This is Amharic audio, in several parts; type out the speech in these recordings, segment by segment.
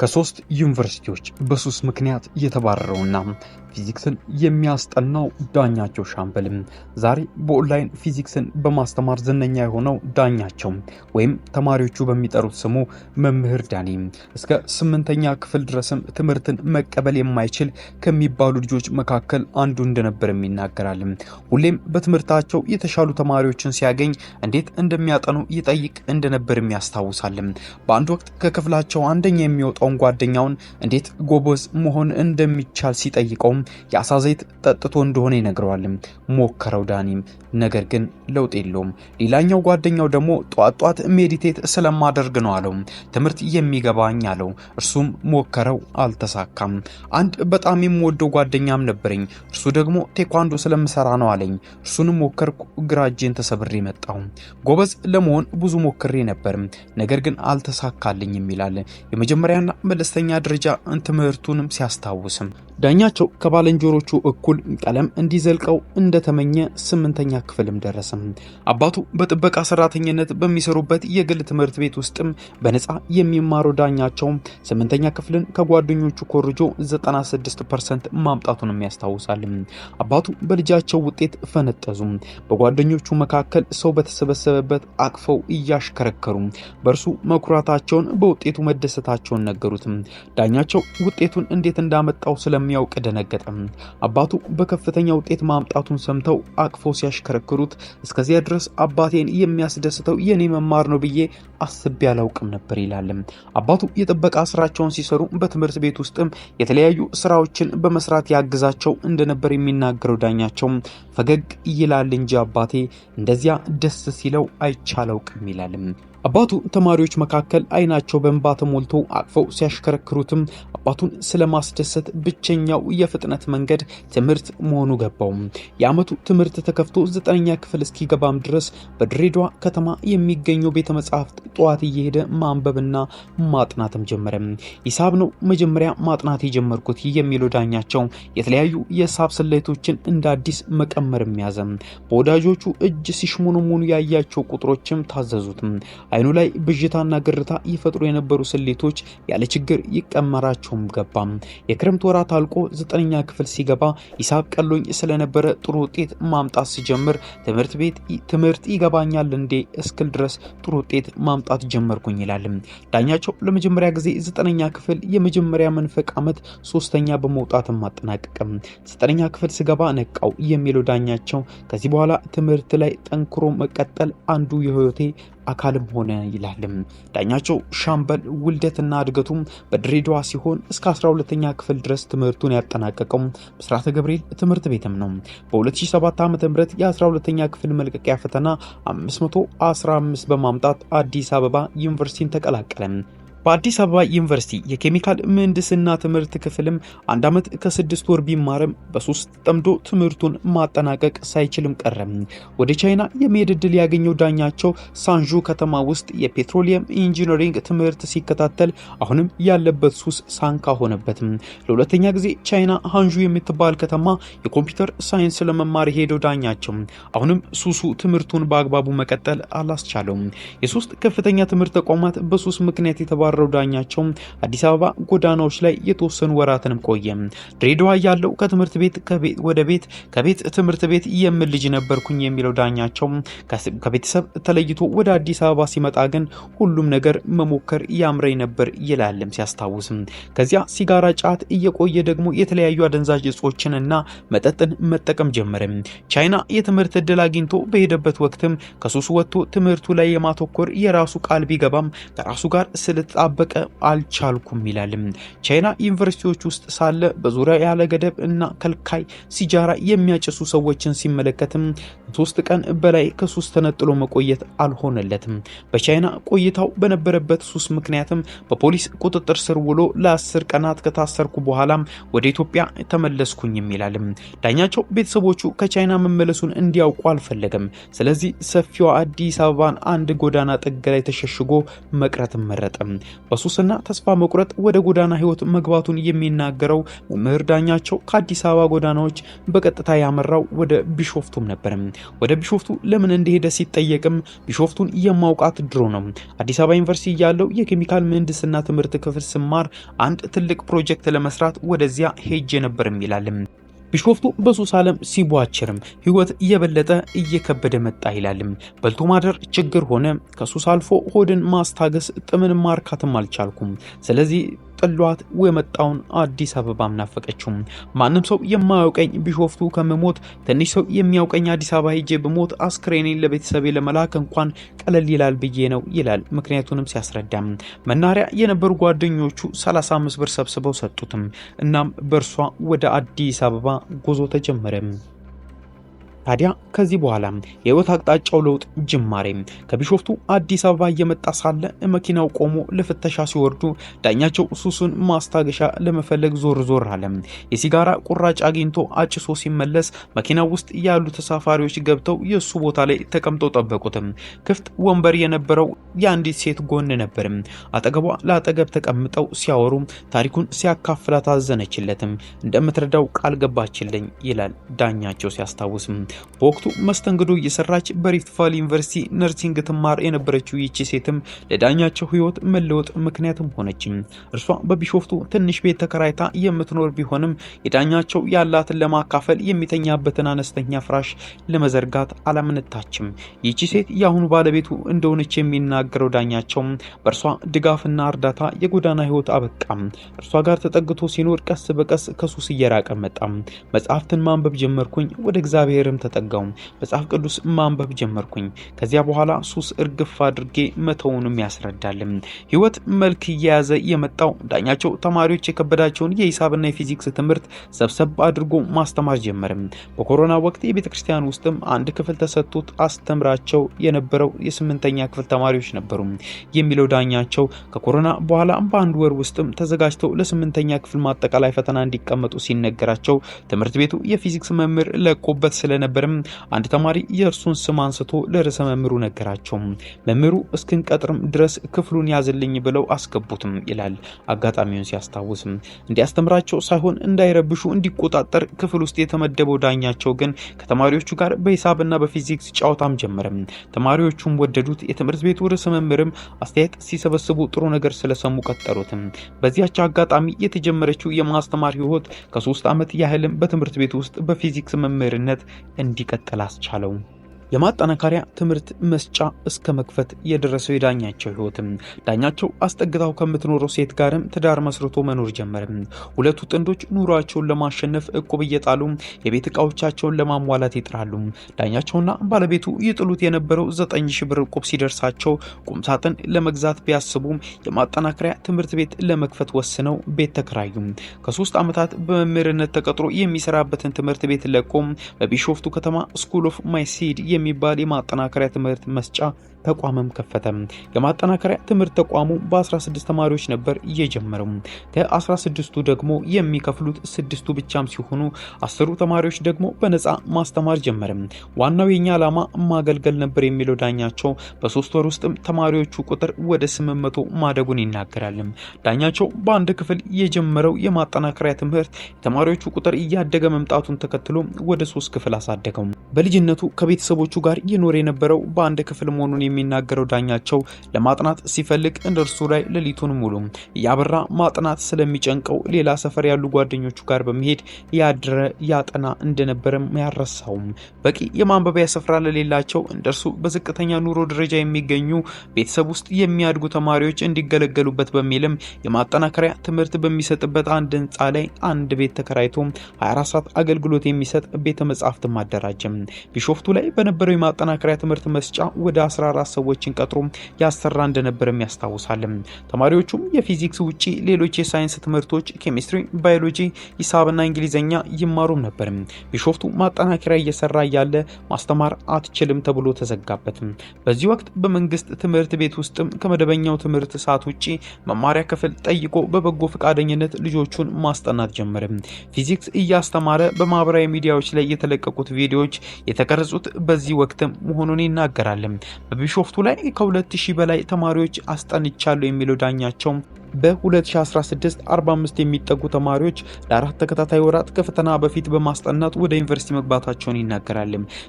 ከሶስት ዩኒቨርሲቲዎች በሱስ ምክንያት የተባረረውና ፊዚክስን የሚያስጠናው ዳኛቸው ሻምበልም ዛሬ በኦንላይን ፊዚክስን በማስተማር ዝነኛ የሆነው ዳኛቸው ወይም ተማሪዎቹ በሚጠሩት ስሙ መምህር ዳኒ እስከ ስምንተኛ ክፍል ድረስም ትምህርትን መቀበል የማይችል ከሚባሉ ልጆች መካከል አንዱ እንደነበርም ይናገራል። ሁሌም በትምህርታቸው የተሻሉ ተማሪዎችን ሲያገኝ እንዴት እንደሚያጠኑ ይጠይቅ እንደነበርም ያስታውሳል። በአንድ ወቅት ከክፍላቸው አንደኛ የሚወጣው የሚያውቀውን ጓደኛውን እንዴት ጎበዝ መሆን እንደሚቻል ሲጠይቀውም የአሳ ዘይት ጠጥቶ እንደሆነ ይነግረዋልም። ሞከረው ዳኒም ነገር ግን ለውጥ የለውም። ሌላኛው ጓደኛው ደግሞ ጧት ጧት ሜዲቴት ስለማደርግ ነው አለው። ትምህርት የሚገባኝ አለው። እርሱም ሞከረው፣ አልተሳካም። አንድ በጣም የምወደው ጓደኛም ነበረኝ። እርሱ ደግሞ ቴኳንዶ ስለምሰራ ነው አለኝ። እርሱንም ሞከርኩ፣ ግራ እጄን ተሰብሬ መጣው ጎበዝ ለመሆን ብዙ ሞክሬ ነበር፣ ነገር ግን አልተሳካልኝ ይላል። የመጀመሪያና መለስተኛ ደረጃ ትምህርቱንም ሲያስታውስም ዳኛቸው ከባልንጀሮቹ እኩል ቀለም እንዲዘልቀው እንደተመኘ ስምንተኛ ክፍልም ደረሰ። አልደረሰም። አባቱ በጥበቃ ሰራተኝነት በሚሰሩበት የግል ትምህርት ቤት ውስጥም በነፃ የሚማሩ ዳኛቸው ስምንተኛ ክፍልን ከጓደኞቹ ኮርጆ 96% ማምጣቱንም ያስታውሳል። አባቱ በልጃቸው ውጤት ፈነጠዙ። በጓደኞቹ መካከል ሰው በተሰበሰበበት አቅፈው እያሽከረከሩ በእርሱ መኩራታቸውን በውጤቱ መደሰታቸውን ነገሩት። ዳኛቸው ውጤቱን እንዴት እንዳመጣው ስለሚያውቅ ደነገጠ። አባቱ በከፍተኛ ውጤት ማምጣቱን ሰምተው አቅፈው ሲያሽከረክሩት እስከዚያ ድረስ አባቴን የሚያስደስተው የኔ መማር ነው ብዬ አስቤ አላውቅም ነበር ይላልም። አባቱ የጥበቃ ስራቸውን ሲሰሩ በትምህርት ቤት ውስጥም የተለያዩ ስራዎችን በመስራት ያግዛቸው እንደነበር የሚናገረው ዳኛቸው ፈገግ ይላል እንጂ አባቴ እንደዚያ ደስ ሲለው አይቻለውቅም ይላልም። አባቱ ተማሪዎች መካከል አይናቸው በእንባ ተሞልቶ አቅፈው ሲያሽከረክሩትም አባቱን ስለማስደሰት ብቸኛው የፍጥነት መንገድ ትምህርት መሆኑ ገባው። የዓመቱ ትምህርት ተከፍቶ ዘጠነኛ ክፍል እስኪገባም ድረስ በድሬዳዋ ከተማ የሚገኘው ቤተ መጻሕፍት ጠዋት እየሄደ ማንበብና ማጥናትም ጀመረ። ሂሳብ ነው መጀመሪያ ማጥናት የጀመርኩት የሚለው ዳኛቸው የተለያዩ የሂሳብ ስሌቶችን እንደ አዲስ መቀመርም ያዘ። በወዳጆቹ እጅ ሙኑ ያያቸው ቁጥሮችም ታዘዙት። አይኑ ላይ ብዥታና ግርታ ይፈጥሩ የነበሩ ስሌቶች ያለ ችግር ይቀመራቸውም ገባም። የክረምት ወራት አልቆ ዘጠነኛ ክፍል ሲገባ ሂሳብ ቀሎኝ ስለነበረ ጥሩ ውጤት ማምጣት ስጀምር ትምህርት ቤት ትምህርት ይገባኛል እንዴ እስክል ድረስ ጥሩ ውጤት ማምጣት ጀመርኩኝ ይላል ዳኛቸው። ለመጀመሪያ ጊዜ ዘጠነኛ ክፍል የመጀመሪያ መንፈቅ ዓመት ሶስተኛ በመውጣትም አጠናቀቅም። ዘጠነኛ ክፍል ስገባ ነቃው የሚለው ዳኛቸው ከዚህ በኋላ ትምህርት ላይ ጠንክሮ መቀጠል አንዱ የህይወቴ አካልም ሆነ ይላልም። ዳኛቸው ሻምበል ውልደትና እድገቱም በድሬዳዋ ሲሆን እስከ 12ኛ ክፍል ድረስ ትምህርቱን ያጠናቀቀው ብስራተ ገብርኤል ትምህርት ቤትም ነው። በ2007 ዓ ም የ12ኛ ክፍል መልቀቂያ ፈተና 515 በማምጣት አዲስ አበባ ዩኒቨርሲቲን ተቀላቀለ። በአዲስ አበባ ዩኒቨርሲቲ የኬሚካል ምህንድስና ትምህርት ክፍልም አንድ ዓመት ከስድስት ወር ቢማርም በሶስት ጠምዶ ትምህርቱን ማጠናቀቅ ሳይችልም ቀረም። ወደ ቻይና የመሄድ ዕድል ያገኘው ዳኛቸው ሳንዡ ከተማ ውስጥ የፔትሮሊየም ኢንጂነሪንግ ትምህርት ሲከታተል አሁንም ያለበት ሱስ ሳንካ ሆነበትም። ለሁለተኛ ጊዜ ቻይና ሃንዡ የምትባል ከተማ የኮምፒውተር ሳይንስ ለመማር ሄደው ዳኛቸው አሁንም ሱሱ ትምህርቱን በአግባቡ መቀጠል አላስቻለውም። የሶስት ከፍተኛ ትምህርት ተቋማት በሱስ ምክንያት የተባረ የተባረሩ ዳኛቸው አዲስ አበባ ጎዳናዎች ላይ የተወሰኑ ወራትንም ቆየም። ድሬዳዋ ያለው ከትምህርት ቤት ከቤት ወደ ቤት ከቤት ትምህርት ቤት የምን ልጅ ነበርኩኝ የሚለው ዳኛቸው ከቤተሰብ ተለይቶ ወደ አዲስ አበባ ሲመጣ ግን ሁሉም ነገር መሞከር ያምረኝ ነበር ይላልም ሲያስታውስም። ከዚያ ሲጋራ፣ ጫት እየቆየ ደግሞ የተለያዩ አደንዛዥ እና መጠጥን መጠቀም ጀመረ። ቻይና የትምህርት እድል አግኝቶ በሄደበት ወቅትም ከሱስ ወጥቶ ትምህርቱ ላይ የማተኮር የራሱ ቃል ቢገባም ከራሱ ጋር ስልጣ ማጣበቅ አልቻልኩም ይላልም። ቻይና ዩኒቨርሲቲዎች ውስጥ ሳለ በዙሪያ ያለ ገደብ እና ከልካይ ሲጃራ የሚያጭሱ ሰዎችን ሲመለከትም ሶስት ቀን በላይ ከሱስ ተነጥሎ መቆየት አልሆነለትም። በቻይና ቆይታው በነበረበት ሱስ ምክንያትም በፖሊስ ቁጥጥር ስር ውሎ ለአስር ቀናት ከታሰርኩ በኋላ ወደ ኢትዮጵያ ተመለስኩኝ ይላልም። ዳኛቸው ቤተሰቦቹ ከቻይና መመለሱን እንዲያውቁ አልፈለገም። ስለዚህ ሰፊዋ አዲስ አበባን አንድ ጎዳና ጥግ ላይ ተሸሽጎ መቅረትም መረጠም። በሱስና ተስፋ መቁረጥ ወደ ጎዳና ህይወት መግባቱን የሚናገረው መምህር ዳኛቸው ከአዲስ አበባ ጎዳናዎች በቀጥታ ያመራው ወደ ቢሾፍቱም ነበር። ወደ ቢሾፍቱ ለምን እንደሄደ ሲጠየቅም ቢሾፍቱን የማውቃት ድሮ ነው። አዲስ አበባ ዩኒቨርሲቲ ያለው የኬሚካል ምህንድስና ትምህርት ክፍል ስማር አንድ ትልቅ ፕሮጀክት ለመስራት ወደዚያ ሄጄ ነበርም ይላል። ቢሾፍቱ በሱስ ዓለም ሲቧችርም ህይወት እየበለጠ እየከበደ መጣ ይላልም። በልቶ ማደር ችግር ሆነ። ከሱስ አልፎ ሆድን ማስታገስ ጥምን ማርካትም አልቻልኩም። ስለዚህ ጥሏት የመጣውን አዲስ አበባ ናፈቀችው። ማንም ሰው የማያውቀኝ ቢሾፍቱ ከመሞት ትንሽ ሰው የሚያውቀኝ አዲስ አበባ ሄጄ ብሞት አስክሬኔን ለቤተሰቤ ለመላክ እንኳን ቀለል ይላል ብዬ ነው ይላል። ምክንያቱንም ሲያስረዳም መናሪያ የነበሩ ጓደኞቹ 35 ብር ሰብስበው ሰጡትም። እናም በእርሷ ወደ አዲስ አበባ ጉዞ ተጀመረ። ታዲያ ከዚህ በኋላ የህይወት አቅጣጫው ለውጥ ጅማሬ ከቢሾፍቱ አዲስ አበባ እየመጣ ሳለ መኪናው ቆሞ ለፍተሻ ሲወርዱ ዳኛቸው ሱሱን ማስታገሻ ለመፈለግ ዞር ዞር አለ። የሲጋራ ቁራጭ አግኝቶ አጭሶ ሲመለስ መኪናው ውስጥ ያሉ ተሳፋሪዎች ገብተው የእሱ ቦታ ላይ ተቀምጠው ጠበቁት። ክፍት ወንበር የነበረው የአንዲት ሴት ጎን ነበር። አጠገቧ ለአጠገብ ተቀምጠው ሲያወሩ ታሪኩን ሲያካፍላት አዘነችለትም። እንደምትረዳው ቃል ገባችልኝ ይላል ዳኛቸው ሲያስታውስም በወቅቱ መስተንግዶ እየሰራች በሪፍት ቫሊ ዩኒቨርሲቲ ነርሲንግ ትማር የነበረችው ይቺ ሴትም ለዳኛቸው ህይወት መለወጥ ምክንያትም ሆነች። እርሷ በቢሾፍቱ ትንሽ ቤት ተከራይታ የምትኖር ቢሆንም የዳኛቸው ያላትን ለማካፈል የሚተኛበትን አነስተኛ ፍራሽ ለመዘርጋት አላመነታችም። ይቺ ሴት የአሁኑ ባለቤቱ እንደሆነች የሚናገረው ዳኛቸው በእርሷ ድጋፍና እርዳታ የጎዳና ህይወት አበቃም። እርሷ ጋር ተጠግቶ ሲኖር ቀስ በቀስ ከሱስ እየራቀ መጣ። መጽሐፍትን ማንበብ ጀመርኩኝ። ወደ እግዚአብሔርም አልተጠጋውም። መጽሐፍ ቅዱስ ማንበብ ጀመርኩኝ። ከዚያ በኋላ ሱስ እርግፍ አድርጌ መተውንም ያስረዳልም። ህይወት መልክ እየያዘ የመጣው ዳኛቸው ተማሪዎች የከበዳቸውን የሂሳብና የፊዚክስ ትምህርት ሰብሰብ አድርጎ ማስተማር ጀመርም። በኮሮና ወቅት የቤተ ክርስቲያን ውስጥም አንድ ክፍል ተሰጥቶት አስተምራቸው የነበረው የስምንተኛ ክፍል ተማሪዎች ነበሩ የሚለው ዳኛቸው ከኮሮና በኋላ በአንድ ወር ውስጥም ተዘጋጅተው ለስምንተኛ ክፍል ማጠቃላይ ፈተና እንዲቀመጡ ሲነገራቸው ትምህርት ቤቱ የፊዚክስ መምህር ለቆበት ስለነበ ስለነበርም አንድ ተማሪ የእርሱን ስም አንስቶ ለርዕሰ መምህሩ ነገራቸው። መምህሩ እስክንቀጥርም ድረስ ክፍሉን ያዝልኝ ብለው አስገቡትም ይላል አጋጣሚውን ሲያስታውስም። እንዲያስተምራቸው ሳይሆን እንዳይረብሹ እንዲቆጣጠር ክፍል ውስጥ የተመደበው ዳኛቸው ግን ከተማሪዎቹ ጋር በሂሳብና በፊዚክስ ጨዋታም ጀመረም። ተማሪዎቹም ወደዱት። የትምህርት ቤቱ ርዕሰ መምህርም አስተያየት ሲሰበስቡ ጥሩ ነገር ስለሰሙ ቀጠሩትም። በዚያች አጋጣሚ የተጀመረችው የማስተማር ህይወት ከሶስት ዓመት ያህልም በትምህርት ቤት ውስጥ በፊዚክስ መምህርነት እንዲቀጥል አስቻለው። የማጠናከሪያ ትምህርት መስጫ እስከ መክፈት የደረሰው የዳኛቸው ህይወትም ዳኛቸው አስጠግታው ከምትኖረው ሴት ጋርም ትዳር መስርቶ መኖር ጀመርም። ሁለቱ ጥንዶች ኑሯቸውን ለማሸነፍ እቁብ እየጣሉ የቤት እቃዎቻቸውን ለማሟላት ይጥራሉ። ዳኛቸውና ባለቤቱ ይጥሉት የነበረው ዘጠኝ ሺ ብር እቁብ ሲደርሳቸው ቁምሳጥን ለመግዛት ቢያስቡም የማጠናከሪያ ትምህርት ቤት ለመክፈት ወስነው ቤት ተከራዩ። ከሶስት ዓመታት በመምህርነት ተቀጥሮ የሚሰራበትን ትምህርት ቤት ለቆም በቢሾፍቱ ከተማ ስኩል ኦፍ ማይሲድ የሚባል የማጠናከሪያ ትምህርት መስጫ ተቋምም ከፈተ። የማጠናከሪያ ትምህርት ተቋሙ በ16 ተማሪዎች ነበር እየጀመረው ከ ከ16ቱ ደግሞ የሚከፍሉት ስድስቱ ብቻም ሲሆኑ አስሩ ተማሪዎች ደግሞ በነፃ ማስተማር ጀመረ። ዋናው የኛ ዓላማ ማገልገል ነበር የሚለው ዳኛቸው በሶስት ወር ውስጥም ተማሪዎቹ ቁጥር ወደ 800 ማደጉን ይናገራል። ዳኛቸው በአንድ ክፍል የጀመረው የማጠናከሪያ ትምህርት የተማሪዎቹ ቁጥር እያደገ መምጣቱን ተከትሎ ወደ ሶስት ክፍል አሳደገው። በልጅነቱ ከቤተሰቦቹ ጋር ይኖር የነበረው በአንድ ክፍል መሆኑን የሚናገረው ዳኛቸው ለማጥናት ሲፈልግ እንደርሱ ላይ ሌሊቱን ሙሉ ያበራ ማጥናት ስለሚጨንቀው ሌላ ሰፈር ያሉ ጓደኞቹ ጋር በመሄድ ያድረ ያጠና እንደነበረም ያረሳውም። በቂ የማንበቢያ ስፍራ ለሌላቸው እንደርሱ በዝቅተኛ ኑሮ ደረጃ የሚገኙ ቤተሰብ ውስጥ የሚያድጉ ተማሪዎች እንዲገለገሉበት በሚልም የማጠናከሪያ ትምህርት በሚሰጥበት አንድ ህንፃ ላይ አንድ ቤት ተከራይቶ 24 ሰዓት አገልግሎት የሚሰጥ ቤተ መጻሕፍት ማደራጀም ቢሾፍቱ ላይ በነበረው የማጠናከሪያ ትምህርት መስጫ ወደ 14 ሰዎችን ቀጥሮ ያሰራ እንደነበርም ያስታውሳል። ተማሪዎቹም የፊዚክስ ውጪ ሌሎች የሳይንስ ትምህርቶች ኬሚስትሪ፣ ባዮሎጂ፣ ሂሳብና እንግሊዝኛ ይማሩም ነበር። ቢሾፍቱ ማጠናከሪያ እየሰራ ያለ ማስተማር አትችልም ተብሎ ተዘጋበት። በዚህ ወቅት በመንግስት ትምህርት ቤት ውስጥም ከመደበኛው ትምህርት ሰዓት ውጪ መማሪያ ክፍል ጠይቆ በበጎ ፈቃደኝነት ልጆቹን ማስጠናት ጀመረ። ፊዚክስ እያስተማረ በማህበራዊ ሚዲያዎች ላይ የተለቀቁት ቪዲዮዎች የተቀረጹት በዚህ ወቅትም መሆኑን ይናገራል። ቢሾፍቱ ላይ ከ2000 በላይ ተማሪዎች አስጠንቻለሁ የሚለው ዳኛቸው በ2016 45 የሚጠጉ ተማሪዎች ለአራት ተከታታይ ወራት ከፈተና በፊት በማስጠናት ወደ ዩኒቨርሲቲ መግባታቸውን ይናገራል።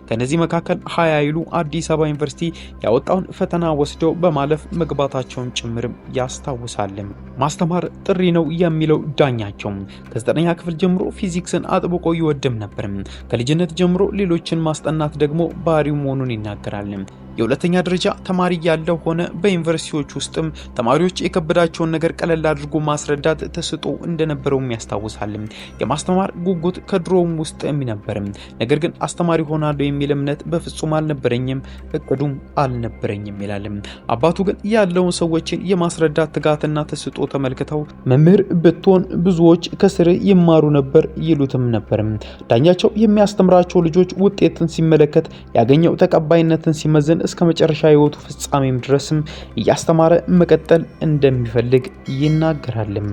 ከነዚህ መካከል ሀያ ይሉ አዲስ አበባ ዩኒቨርሲቲ ያወጣውን ፈተና ወስደው በማለፍ መግባታቸውን ጭምርም ያስታውሳል። ማስተማር ጥሪ ነው የሚለው ዳኛቸው ከዘጠነኛ ክፍል ጀምሮ ፊዚክስን አጥብቆ ይወድም ነበር። ከልጅነት ጀምሮ ሌሎችን ማስጠናት ደግሞ ባህሪው መሆኑን ይናገራል። የሁለተኛ ደረጃ ተማሪ ያለው ሆነ በዩኒቨርሲቲዎች ውስጥም ተማሪዎች የከበዳቸውን ነገር ቀለል አድርጎ ማስረዳት ተስጦ እንደነበረውም ያስታውሳል። የማስተማር ጉጉት ከድሮውም ውስጥ የሚነበርም ነገር ግን አስተማሪ ሆናለሁ የሚል እምነት በፍጹም አልነበረኝም፣ እቅዱም አልነበረኝም ይላል። አባቱ ግን ያለውን ሰዎችን የማስረዳት ትጋትና ተስጦ ተመልክተው መምህር ብትሆን ብዙዎች ከስር ይማሩ ነበር ይሉትም ነበር። ዳኛቸው የሚያስተምራቸው ልጆች ውጤትን ሲመለከት ያገኘው ተቀባይነትን ሲመዝን እስከ መጨረሻ ህይወቱ ፍጻሜም ድረስም እያስተማረ መቀጠል እንደሚፈልግ ይናገራልም